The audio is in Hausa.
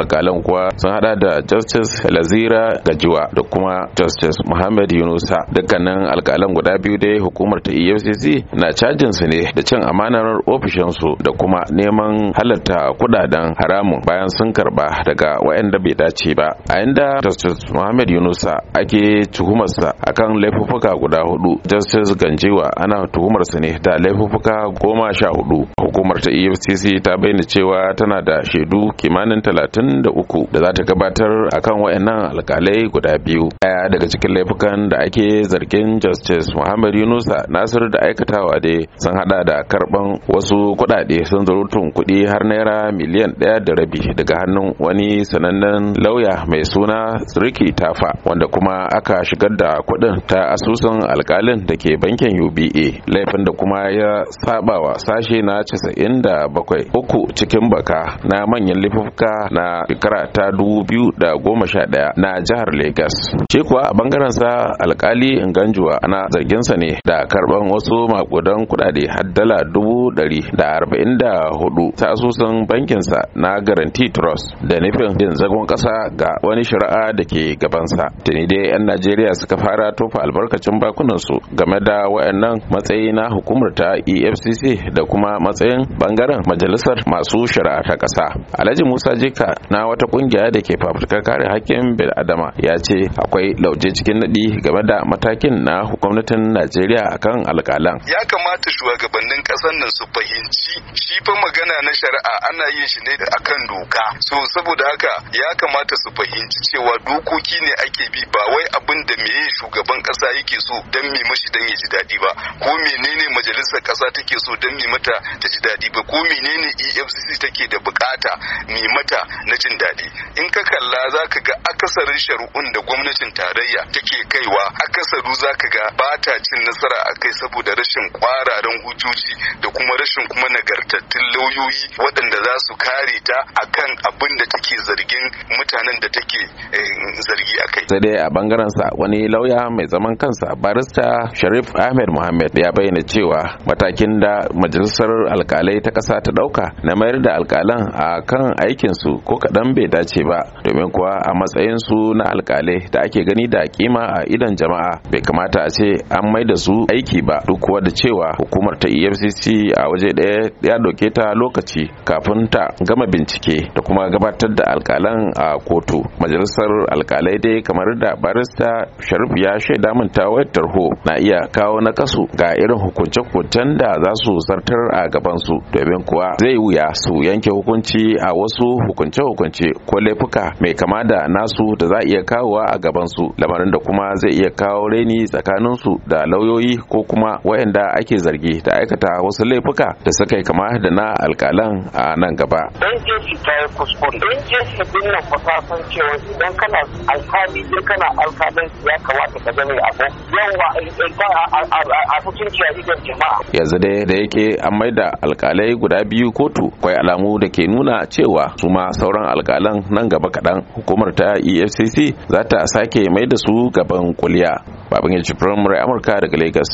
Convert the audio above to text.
alkalan kuwa sun hada da justice lazira gajiwa da kuma justice muhammad yunusa dukkanin alkalan guda biyu da hukumar ta efcc na cajin su ne da cin amanar ofishinsu da kuma neman halatta kudaden haramun bayan sun karba daga wayanda bai dace ba a inda justice muhammad yunusa ake tuhumarsa akan laifuffuka guda hudu justice ganjiwa ana tuhumarsa ne da laifuffuka goma sha hudu hukumar ta efcc ta bayyana cewa tana da shaidu kimanin talatin 23 da za ta gabatar a kan wayannan alkalai guda biyu daya daga cikin laifukan da ake zargin justice muhammad yunusa Nasiru da aikatawa dai sun hada da karban wasu kuɗaɗe sun zarutun kuɗi har naira miliyan ɗaya da rabi daga hannun wani sanannen lauya mai suna siriki tafa wanda kuma aka shigar da kuɗin ta asusun alkalin da ke bankin uba laifin da kuma ya sabawa sashe na 97 uku cikin baka na manyan laifuka na da shekara ta 2011 na jihar Legas. Shi kuwa a bangaren sa alkali Nganjuwa ana zargin sa ne da karban wasu makudan kudade har dala dubu dari da arba'in da hudu ta asusun bankin sa na Guarantee Trust da nufin yin zagon kasa ga wani shari'a da ke gabansa. Tuni dai 'yan Najeriya suka fara tofa albarkacin bakunan su game da wayannan matsayi na hukumar ta EFCC da kuma matsayin bangaren majalisar masu shari'a ta ƙasa. Alhaji Musa Jika na wata kungiya da ke fafutukar kare hakkin bil adama ya ce akwai lauje cikin nadi game da matakin na gwamnatin najeriya akan alkalan ya kamata shugabannin kasar nan su fahimci shi fa magana na shari'a ana yin shi ne akan doka so saboda haka ya kamata su fahimci cewa dokoki ne ake bi ba wai abin da meye shugaban kasa yake so don me mashi dan ya ji dadi ba ko menene majalisar kasa take so don me mata ta ji dadi ba ko menene efcc take da bukata me mata na jin daɗi in ka kalla za ka ga akasarin shari'un da gwamnatin tarayya take kaiwa akasaru za ka ga ba ta cin nasara a kai saboda rashin kwararan hujjoji da kuma rashin kuma nagartattun lauyoyi waɗanda za su kare ta akan abin da take zargin mutanen da take eh, zargi a kai. Sai dai a bangaren sa wani lauya mai zaman kansa barista Sharif Ahmed Muhammad ya bayyana cewa matakin da majalisar alkalai ta ƙasa ta ɗauka na mayar da alkalan a kan aikin su ko kaɗan bai dace ba domin kuwa a matsayin su na alkalai da ake gani da kima a idan jama'a bai kamata a ce an mai da su aiki ba duk kuwa da cewa hukumar ta EFCC a waje ɗaya ya doke ta lokaci kafin ta gama bincike da kuma gabatar da alkalan a a kotu majalisar alkalai dai kamar da barista sharif ya shaida min ta wayar tarho na iya kawo na kasu ga irin hukunce-hukuncen da za su zartar a gabansu domin kuwa zai wuya su yanke hukunci a wasu hukunce-hukunce ko laifuka mai kama da nasu da za iya kawowa a gabansu lamarin da kuma zai iya kawo raini tsakanin su da lauyoyi ko kuma wayanda ake zargi da aikata wasu laifuka da suka yi kama da na alkalan a nan gaba. ta yi kuskure, fasan cewa idan kana alkali ne kana alkalin ya kamata ka zama abu yawa eh, eh, a mutunci a idan jama'a yanzu dai da yake an mai da alkalai guda biyu kotu kwai alamu da ke nuna cewa su ma sauran alkalan nan gaba kaɗan hukumar ta efcc za ta sake da su gaban kuliya babin ya ci firamare amurka daga lagos